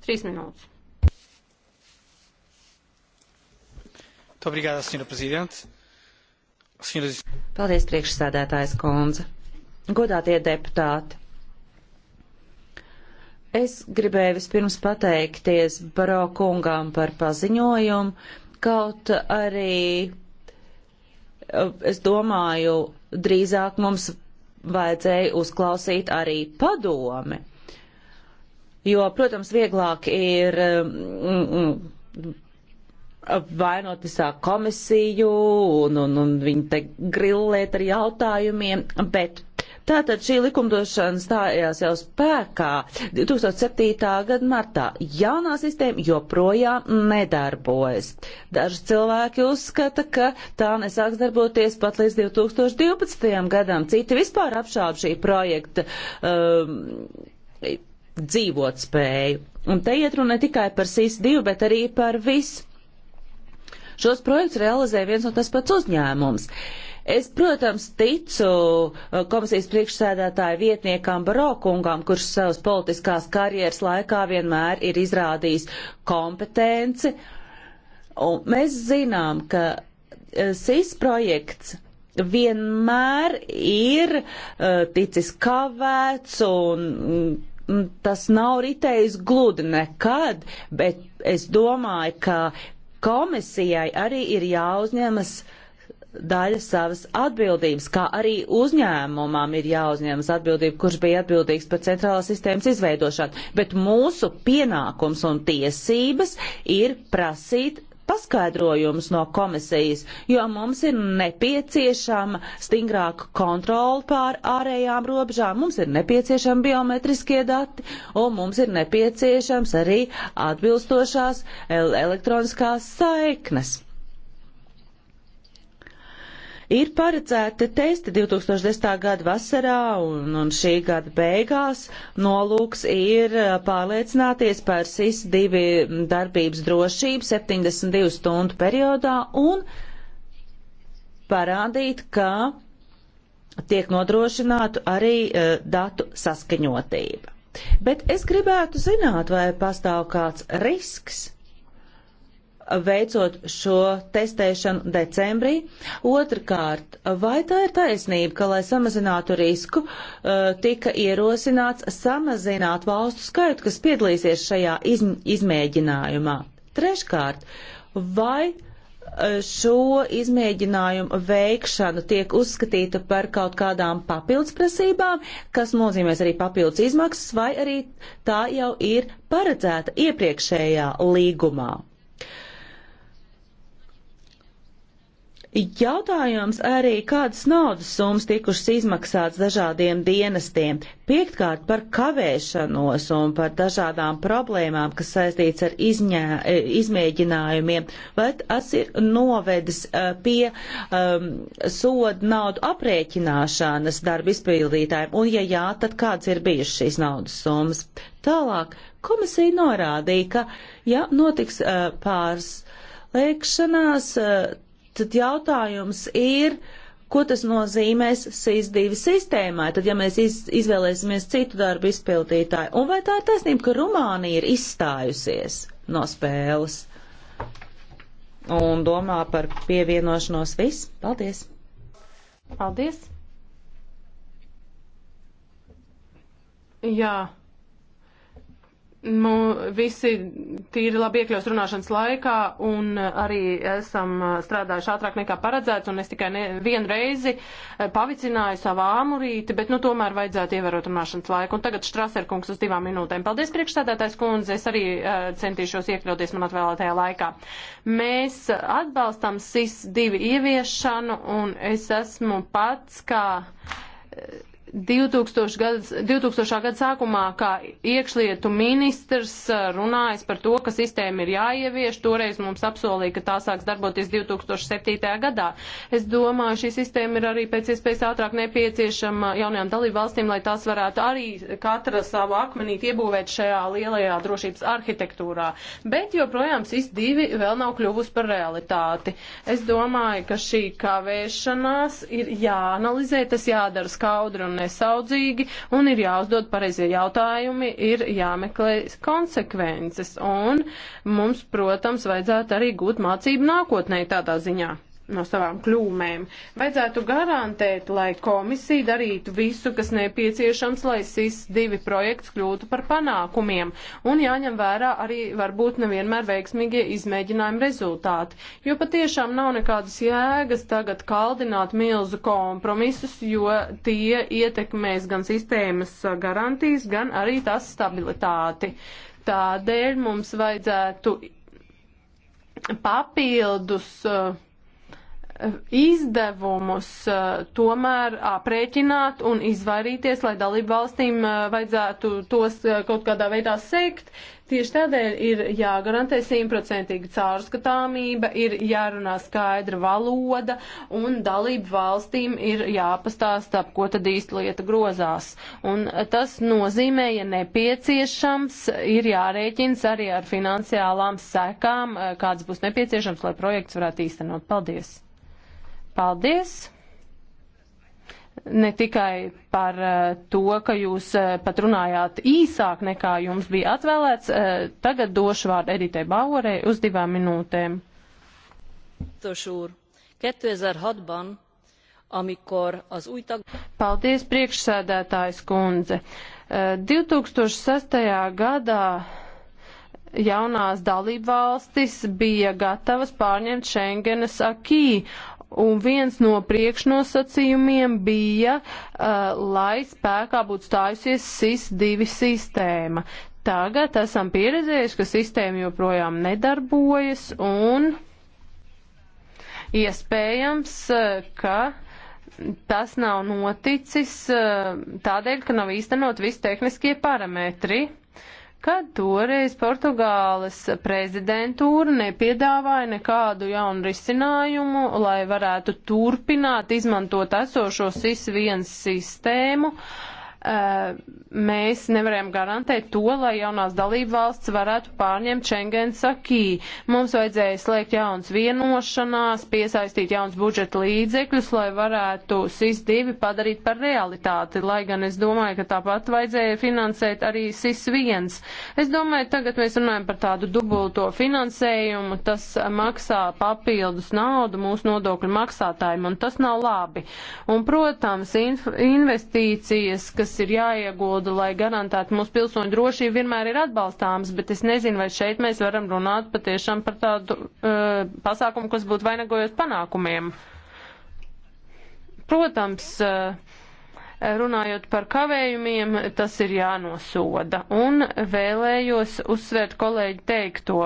Trīs minūtes. Obrigada, senhora Presidente. Senhoras... E Paldies, priekšsēdētājs Konza. Godātie deputāti! Es gribēju vispirms pateikties Baro kungām par paziņojumu, kaut arī eh, es domāju, drīzāk mums vajadzēja uzklausīt arī padomi. Jo, protams, vieglāk ir mm, mm, mm, vainot visā komisiju un, un, un viņi te grillēt ar jautājumiem, bet Tātad šī likumdošana stājās jau spēkā 2007. gada martā. Jaunā sistēma joprojām nedarbojas. Daži cilvēki uzskata, ka tā nesāks darboties pat līdz 2012. gadam. Citi vispār apšāba šī projekta. Um, dzīvot spēju. Un te iet runa ne tikai par SIS-2, bet arī par visu. Šos projektus realizē viens un tas pats uzņēmums. Uh, Es, protams, ticu uh, komisijas priekšsēdētāja vietniekam Barokungam, kurš savas politiskās karjeras laikā vienmēr ir izrādījis kompetenci. Un mēs zinām, ka uh, SIS projekts vienmēr ir uh, ticis kavēts un mm, tas nav ritējis gludi nekad, bet es domāju, ka komisijai arī ir jāuzņemas uh, daļa savas atbildības, kā arī uzņēmumam ir jāuzņemas atbildība, kurš bija atbildīgs par centrālās sistēmas izveidošanu. Bet mūsu pienākums un tiesības ir prasīt paskaidrojumus no komisijas, jo mums ir nepieciešama stingrāka kontrola pār ārējām robežām, mums ir nepieciešama biometriskie dati un mums ir nepieciešams arī atbilstošās elektroniskās saiknes. Ir paredzēti testi 2010. gada vasarā un, un šī gada beigās. Nolūks ir uh, pārliecināties par SIS-2 darbības drošību 72 stundu periodā un parādīt, ka tiek nodrošināta arī uh, datu saskaņotība. Bet es gribētu zināt, vai pastāv kāds risks veicot šo testēšanu decembrī. Otrakārt, vai tā ir taisnība, ka, lai samazinātu risku, uh, tika ierosināts samazināt valstu skaitu, kas piedalīsies šajā izmēģinājumā? Treškārt, vai uh, šo izmēģinājumu veikšana tiek uzskatīta par kaut kādām papildus prasībām, kas nozīmēs arī papildus izmaksas, vai arī tā jau ir paredzēta iepriekšējā līgumā? Jautājums arī, kādas naudas summas tikušas izmaksāts dažādiem dienestiem. Piektkārt par kavēšanos un par dažādām problēmām, kas saistīts ar izņē, izmēģinājumiem, vai tas ir novedis eh, pie um, soda naudu aprēķināšanas darba izpildītājiem, un ja jā, tad kāds ir bijušas šīs naudas summas. Tālāk komisija norādīja, ka ja notiks uh, eh, pāris lēkšanās, uh, eh, Tad jautājums ir, ko tas nozīmēs SIS-2 sistēmai, tad ja mēs iz, izvēlēsimies citu darbu izpildītāju. Un vai tā ir taisnība, ka Rumānija ir izstājusies no spēles un domā par pievienošanos viss? Paldies! Paldies! Jā nu, visi tīri labi iekļaus runāšanas laikā un arī esam strādājuši ātrāk nekā paredzēts un es tikai ne, vienu reizi eh, pavicināju savu āmurīti, bet nu tomēr vajadzētu ievērot runāšanas laiku. Un tagad Štraserkungs uz divām minūtēm. Paldies, priekšstādātājs kundze, es arī uh, centīšos iekļauties man atvēlētajā laikā. Mēs atbalstam SIS-2 ieviešanu un es esmu pats kā. Uh, 2000. Gads, 2000. gada sākumā, kā iekšlietu ministrs, runājis par to, ka sistēma ir jāievieš. Toreiz mums apsolīja, ka tā sāks darboties 2007. gadā. Es domāju, šī sistēma ir arī pēc iespējas ātrāk nepieciešama jaunajām dalību valstīm, lai tās varētu arī katra savu akmenīti iebūvēt šajā lielajā drošības arhitektūrā. Bet joprojām SIS-2 vēl nav kļuvusi par realitāti. Es domāju, ka šī kavēšanās ir jāanalizē, tas jādara skaudri un ne nesaudzīgi un ir jāuzdod pareizie jautājumi, ir jāmeklē konsekvences. Un mums, protams, vajadzētu arī gūt mācību nākotnē tādā ziņā no savām kļūmēm. Vajadzētu garantēt, lai komisija darītu visu, kas nepieciešams, lai SIS divi projekts kļūtu par panākumiem, un jāņem vērā arī varbūt nevienmēr veiksmīgie izmēģinājumi rezultāti, jo patiešām nav nekādas jēgas tagad kaldināt milzu kompromisus, jo tie ietekmēs gan sistēmas garantijas, gan arī tās stabilitāti. Tādēļ mums vajadzētu papildus uh, izdevumus eh, tomēr aprēķināt un izvairīties, lai dalību valstīm eh, vajadzētu tos eh, kaut kādā veidā sekt. Tieši tādēļ ir jāgarantē simtprocentīga caurskatāmība, ir jārunā skaidra valoda un dalību valstīm ir jāpastāsta, ap ko tad īsti lieta grozās. Un tas nozīmē, ja nepieciešams, ir jārēķins arī ar finansiālām sekām, kādas būs nepieciešams, lai projekts varētu īstenot. Paldies! Paldies! ne tikai par eh, to, ka jūs eh, pat runājāt īsāk nekā jums bija atvēlēts. Eh, tagad došu vārdu Editei Bauerei uz divām minūtēm. Tošūr, 2006-ban, amikor az új tag... Paldies, priekšsēdētājs kundze. 2006. gadā jaunās dalībvalstis bija gatavas pārņemt Schengenas akī, Un viens no priekšnosacījumiem bija, uh, lai spēkā būtu stājusies SIS-2 sistēma. Tagad esam pieredzējuši, ka sistēma joprojām nedarbojas un iespējams, uh, ka tas nav noticis uh, tādēļ, ka nav īstenot visi tehniskie parametri kad toreiz Portugāles prezidentūra nepiedāvāja nekādu jaunu risinājumu, lai varētu turpināt izmantot esošo SIS viens sistēmu, uh, Eh, mēs nevarējām garantēt to, lai jaunās dalība valsts varētu pārņemt Schengens akī. Mums vajadzēja slēgt jauns vienošanās, piesaistīt jauns budžeta līdzekļus, lai varētu SIS-2 padarīt par realitāti, lai gan es domāju, ka tāpat vajadzēja finansēt arī SIS-1. Es domāju, tagad mēs runājam par tādu dubulto finansējumu, tas maksā papildus naudu mūsu nodokļu maksātājiem, un tas nav labi. Un, protams, investīcijas, kas kas ir jāiegulda, lai garantētu mūsu pilsoņu drošību, vienmēr ir atbalstāms, bet es nezinu, vai šeit mēs varam runāt patiešām par tādu uh, pasākumu, kas būtu vainagojies panākumiem. Protams, uh, runājot par kavējumiem, tas ir jānosoda. Un vēlējos uzsvērt kolēģi teikto.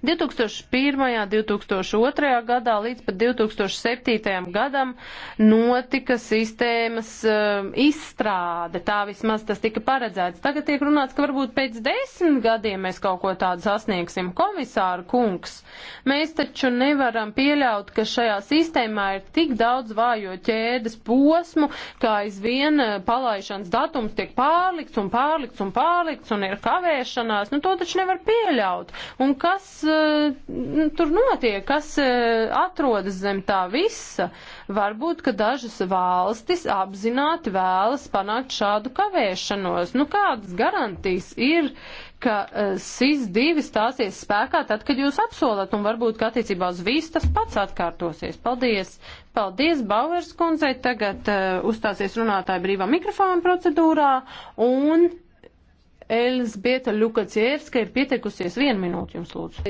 2001. un 2002. gadā līdz pat 2007. gadam notika sistēmas um, izstrāde, tā vismaz tas tika paredzēts. Tagad tiek runāts, ka varbūt pēc desmit gadiem mēs kaut ko tādu sasniegsim. Komisāra kungs, mēs taču nevaram pieļaut, ka šajā sistēmā ir tik daudz vājo ķēdes posmu, kā aizvien eh, palaišanas datums tiek pārlikts un pārlikts un pārlikts un ir kavēšanās. Nu, to taču nevar pieļaut. Un kas Eh, nu, tur notiek, kas eh, atrodas zem tā visa. Varbūt, ka dažas valstis apzināti vēlas panākt šādu kavēšanos. Nu, kādas garantijas ir, ka eh, SIS-2 stāsies spēkā tad, kad jūs apsolat, un varbūt, ka attiecībā uz visu tas pats atkārtosies. Paldies! Paldies Bauers kundzei! Tagad uh, uzstāsies runātāja brīvā mikrofona procedūrā, un Elzbieta Ļukacievska ir pieteikusies vienu minūti jums lūdzu.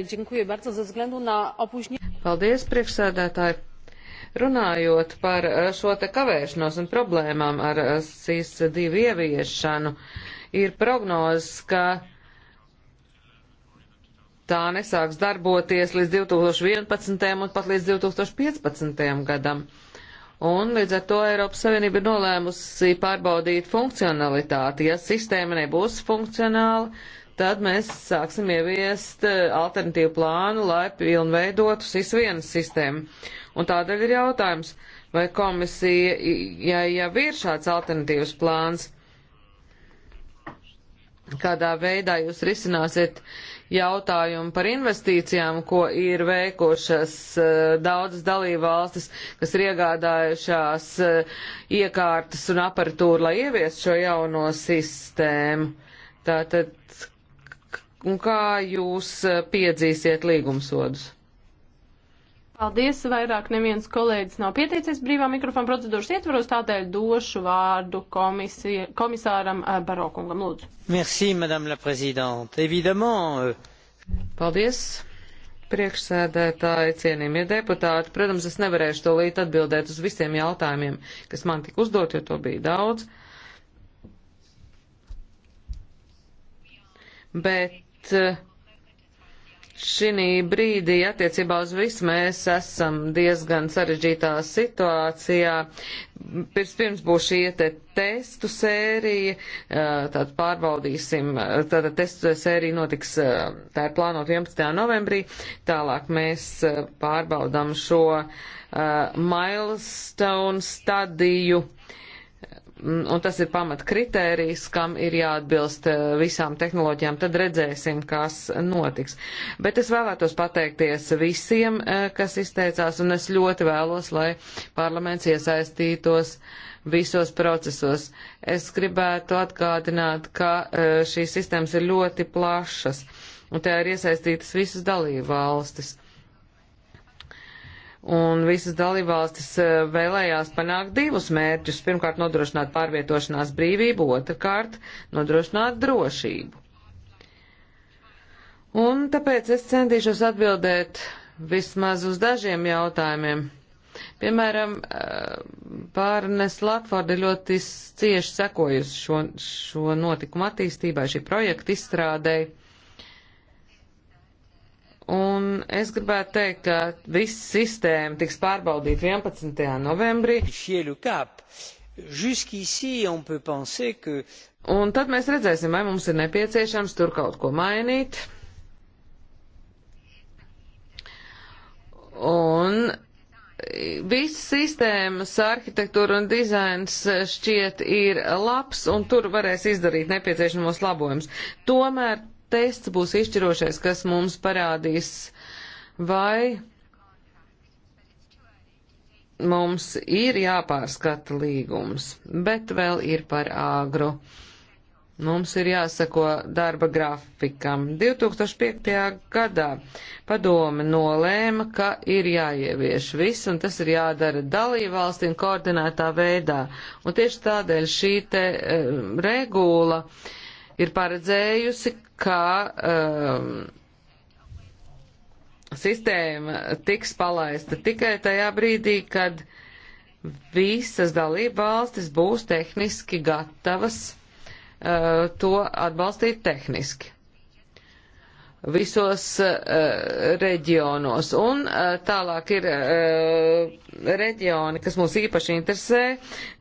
Paldies, priekšsēdētāji. Runājot par eh, šo te kavēšanos un problēmām ar eh, SIS divu ieviešanu, ir prognozes, ka tā nesāks darboties līdz 2011. un pat līdz 2015. gadam. Un līdz ar to Eiropas Savienība ir nolēmusi pārbaudīt funkcionalitāti. Ja sistēma nebūs funkcionāla, tad mēs sāksim ieviest eh, alternatīvu plānu, lai pilnveidotu SIS vienas sistēmu. Un tādēļ ir jautājums, vai komisija, ja jau ir šāds alternatīvs plāns, kādā veidā jūs risināsiet jautājumu par investīcijām, ko ir veikušas eh, daudzas dalībvalstis, kas ir iegādājušās eh, iekārtas un aparatūru, lai ievies šo jauno sistēmu. Tātad, un kā jūs eh, piedzīsiet līgumsodus? Paldies, vairāk neviens kolēģis nav pieteicies brīvā mikrofona procedūras ietvaros, tādēļ došu vārdu komisija, komisāram eh, Barokungam. Lūdzu. Merci, madame la présidente. Évidemment. Euh... Paldies priekšsēdētāji, cienījamie deputāti. Protams, es nevarēšu tolīt atbildēt uz visiem jautājumiem, kas man tika uzdot, jo to bija daudz. Bet uh, Šī brīdī attiecībā uz visu mēs esam diezgan sarežģītā situācijā. Pirms būs šī te testu sērija, tad pārbaudīsim, tad testu sērija notiks, tā ir plānot 11. novembrī, tālāk mēs pārbaudam šo milestone stadiju. Uh, Mm, un tas ir pamat kritērijs, kam ir jāatbilst eh, visām tehnoloģijām, tad redzēsim, kas notiks. Bet es vēlētos pateikties visiem, eh, kas izteicās, un es ļoti vēlos, lai parlaments iesaistītos visos procesos. Es gribētu atgādināt, ka eh, šīs sistēmas ir ļoti plašas, un tajā ir iesaistītas visas dalību valstis un visas dalībvalstis e, vēlējās panākt divus mērķus. Pirmkārt, nodrošināt pārvietošanās brīvību, otrkārt, nodrošināt drošību. Un tāpēc es centīšos atbildēt vismaz uz dažiem jautājumiem. Piemēram, pārnes e, Latvarda ļoti cieši sekojusi šo, šo notikumu attīstībai, šī projekta izstrādēji. Un es gribētu teikt, ka viss sistēma tiks pārbaudīta 11. novembrī. Un tad mēs redzēsim, vai mums ir nepieciešams tur kaut ko mainīt. Un viss sistēmas arhitektūra un dizains šķiet ir labs, un tur varēs izdarīt nepieciešamos labojumus. Tomēr tests būs izšķirošais, kas mums parādīs, vai mums ir jāpārskata līgums, bet vēl ir par āgru. Mums ir jāsako darba grafikam. 2005. gadā padome nolēma, ka ir jāievieš viss, un tas ir jādara dalībvalstīm koordinētā veidā. Un tieši tādēļ šī te e, regula ir paredzējusi, ka um, sistēma tiks palaista tikai tajā brīdī, kad visas dalība valstis būs tehniski gatavas uh, to atbalstīt tehniski visos uh, reģionos. Un uh, tālāk ir uh, reģioni, kas mūs īpaši interesē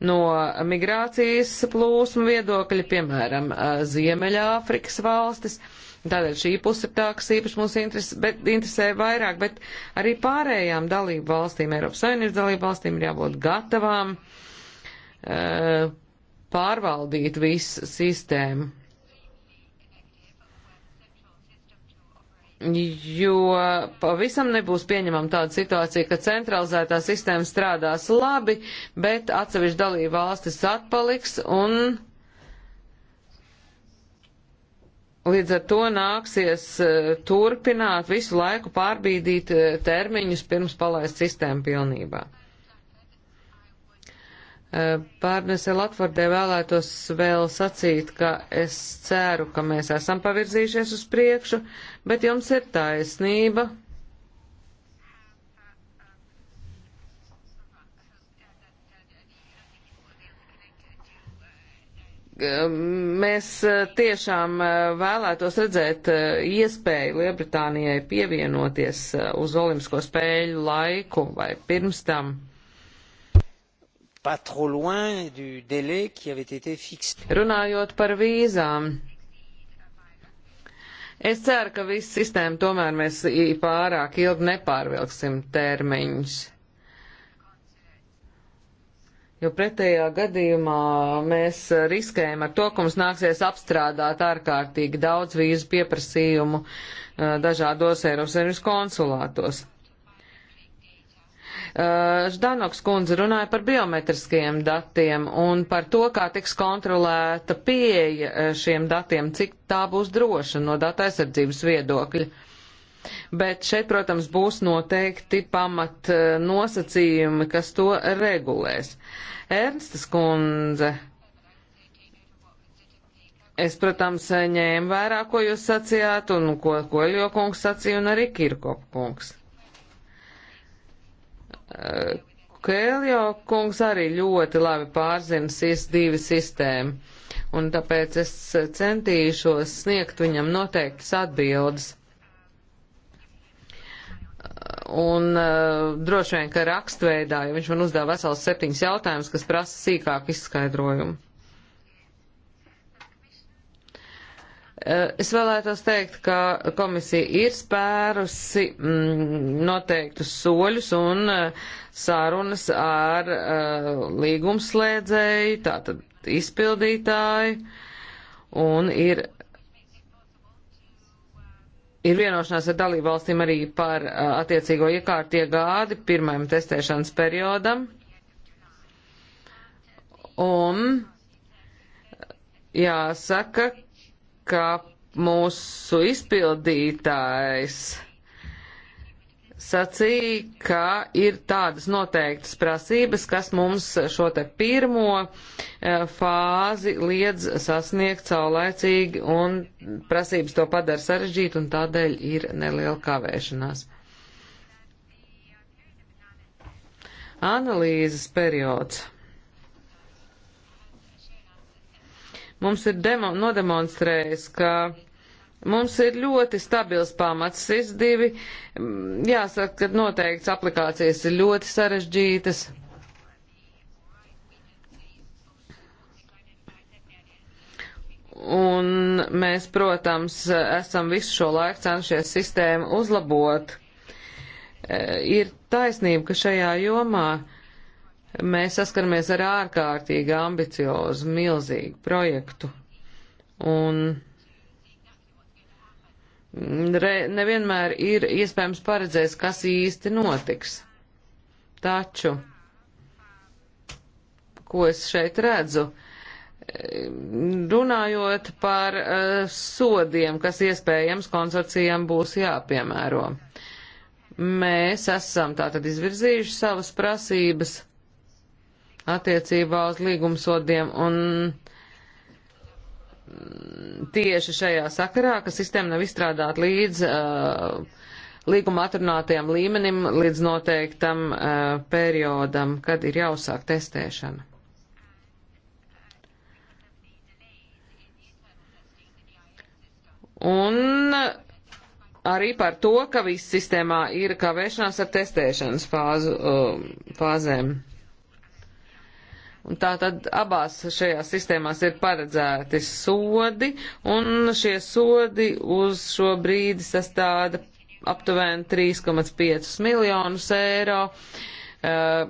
no migrācijas plūsmu viedokļa, piemēram, uh, Ziemeļāfrikas valstis. Tādēļ šī puse ir tā, kas īpaši mūs interes, bet, interesē vairāk, bet arī pārējām dalību valstīm, Eiropas Savienības dalību valstīm ir jābūt gatavām uh, pārvaldīt visu sistēmu. jo pavisam nebūs pieņemama tāda situācija, ka centralizētā sistēma strādās labi, bet atsevišķi dalība valstis atpaliks un līdz ar to nāksies eh, turpināt visu laiku pārbīdīt eh, termiņus pirms palaist sistēmu pilnībā. Pārnese Latvardē vēlētos vēl sacīt, ka es ceru, ka mēs esam pavirzījušies uz priekšu, bet jums ir taisnība. Mēs eh, tiešām eh, vēlētos redzēt eh, iespēju Lielbritānijai pievienoties uz Olimpisko spēļu laiku vai pirms tam. Runājot par vīzām, es ceru, ka visu sistēmu tomēr mēs pārāk ilgi nepārvilksim termiņus. Jo pretējā gadījumā mēs riskējam ar to, ka mums nāksies apstrādāt ārkārtīgi daudz vīzu pieprasījumu eh, dažādos Eiropas Savienības konsulātos. Eh, Ždanoks kundze runāja par biometriskajiem datiem un par to, kā tiks kontrolēta pieeja eh, šiem datiem, cik tā būs droša no data aizsardzības viedokļa. Bet šeit, protams, būs noteikti pamat eh, nosacījumi, kas to regulēs. Ernstas kundze. Es, protams, ņēmu vērā, ko jūs sacījāt un ko Koļo kungs sacīja un arī Kirkop kungs. Kēljo kungs arī ļoti labi pārzina SIS-2 sistēmu, un tāpēc es centīšos sniegt viņam noteiktas atbildes. Un uh, droši vien, ka rakstveidā, jo viņš man uzdeva vesels septiņas jautājumus, kas prasa sīkāku izskaidrojumu. Eh, es vēlētos teikt, ka komisija ir spērusi mm, noteiktus soļus un eh, sārunas ar eh, līgumslēdzēju, tātad izpildītāju, un ir, ir vienošanās ar dalību valstīm arī par attiecīgo iekārtu iegādi pirmajam testēšanas periodam. Un jāsaka, ka mūsu izpildītājs sacīja, ka ir tādas noteiktas prasības, kas mums šo te pirmo e, fāzi liedz sasniegt caulaicīgi un prasības to padara sarežģīt un tādēļ ir neliela kavēšanās. Analīzes periods. mums ir demo, nodemonstrējis, ka mums ir ļoti stabils pamats SIS2. Jāsaka, ka noteikts aplikācijas ir ļoti sarežģītas. Un mēs, protams, esam visu šo laiku cenšies sistēmu uzlabot. E, ir taisnība, ka šajā jomā uh, Mēs saskaramies ar ārkārtīgi ambiciozu, milzīgu projektu. Un re, nevienmēr ir iespējams paredzēt, kas īsti notiks. Taču, ko es šeit redzu, runājot par uh, sodiem, kas iespējams konsorcijām būs jāpiemēro. Mēs esam tātad izvirzījuši savas prasības attiecībā uz līgumsodiem un tieši šajā sakarā, ka sistēma nav izstrādāta līdz uh, līguma atrunātajam līmenim, līdz noteiktam uh, periodam, kad ir jāuzsāk testēšana. Un arī par to, ka viss sistēmā ir kavēšanās ar testēšanas fāzu, uh, fāzēm. Un tā tad abās šajās sistēmās ir paredzēti sodi, un šie sodi uz šo brīdi sastāda aptuveni 3,5 miljonus eiro, eh,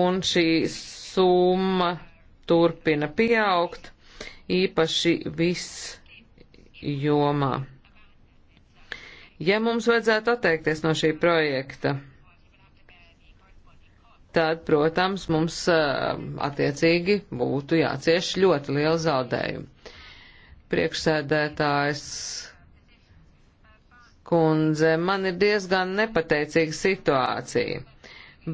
un šī summa turpina pieaugt, īpaši viss jomā. Ja mums vajadzētu atteikties no šī projekta, tad, protams, mums eh, attiecīgi būtu jācieš ļoti liela zaudējuma. Priekšsēdētājs kundze, man ir diezgan nepateicīga situācija,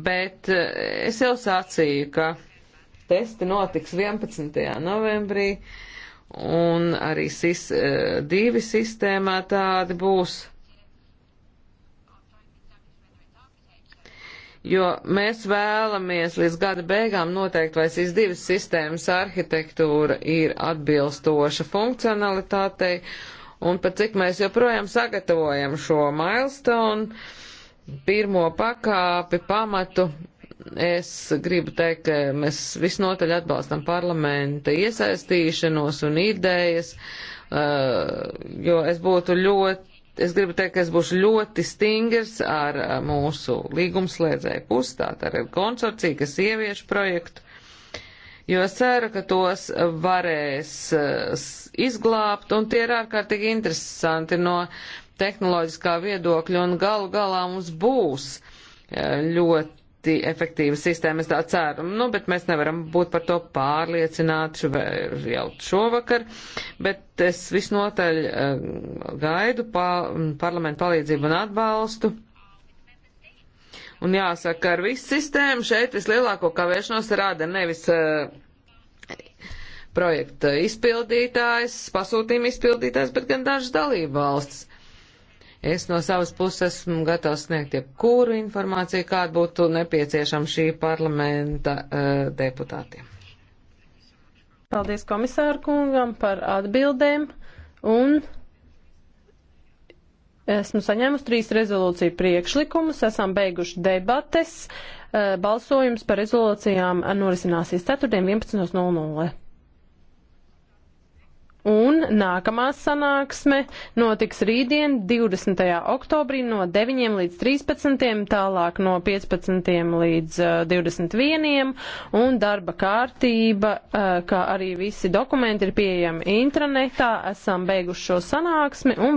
bet eh, es jau sacīju, ka testi notiks 11. novembrī, un arī SIS, eh, divi sistēmā tādi būs. jo mēs vēlamies līdz gada beigām noteikt, vai šīs divas sistēmas arhitektūra ir atbilstoša funkcionalitātei, un pat cik mēs joprojām sagatavojam šo milestone, pirmo pakāpi, pamatu. Es gribu teikt, ka mēs visnotaļ atbalstam parlamenta iesaistīšanos un idejas, uh, jo es būtu ļoti es gribu teikt, ka es būšu ļoti stingrs ar mūsu līgumslēdzēju pusi, tātad ar konsorciju, kas ieviešu projektu, jo es ceru, ka tos varēs izglābt, un tie ir ārkārtīgi interesanti no tehnoloģiskā viedokļa, un galu galā mums būs ļoti ļoti efektīva sistēma, es tā ceru, nu, bet mēs nevaram būt par to pārliecināti jau šovakar, bet es visnotaļ eh, gaidu pa, parlamentu palīdzību un atbalstu. Un jāsaka, ar visu sistēmu šeit vislielāko kavēšanos rāda nevis uh, projekta izpildītājs, pasūtījuma izpildītājs, bet gan dažas dalību valsts. Es no savas puses esmu gatavs sniegt jebkuru informāciju, kāda būtu nepieciešama šī parlamenta uh, deputātiem. Paldies komisāru kungam par atbildēm un esmu saņēmusi trīs rezolūciju priekšlikumus, esam beiguši debates, eh, balsojums par rezolūcijām norisināsies 4.11.00. Un nākamā sanāksme notiks rītdien, 20. oktobrī, no 9 līdz 13, tālāk no 15 līdz uh, eh, 21, un darba kārtība, uh, kā arī visi dokumenti ir pieejami intranetā. Esam beiguši šo sanāksmi.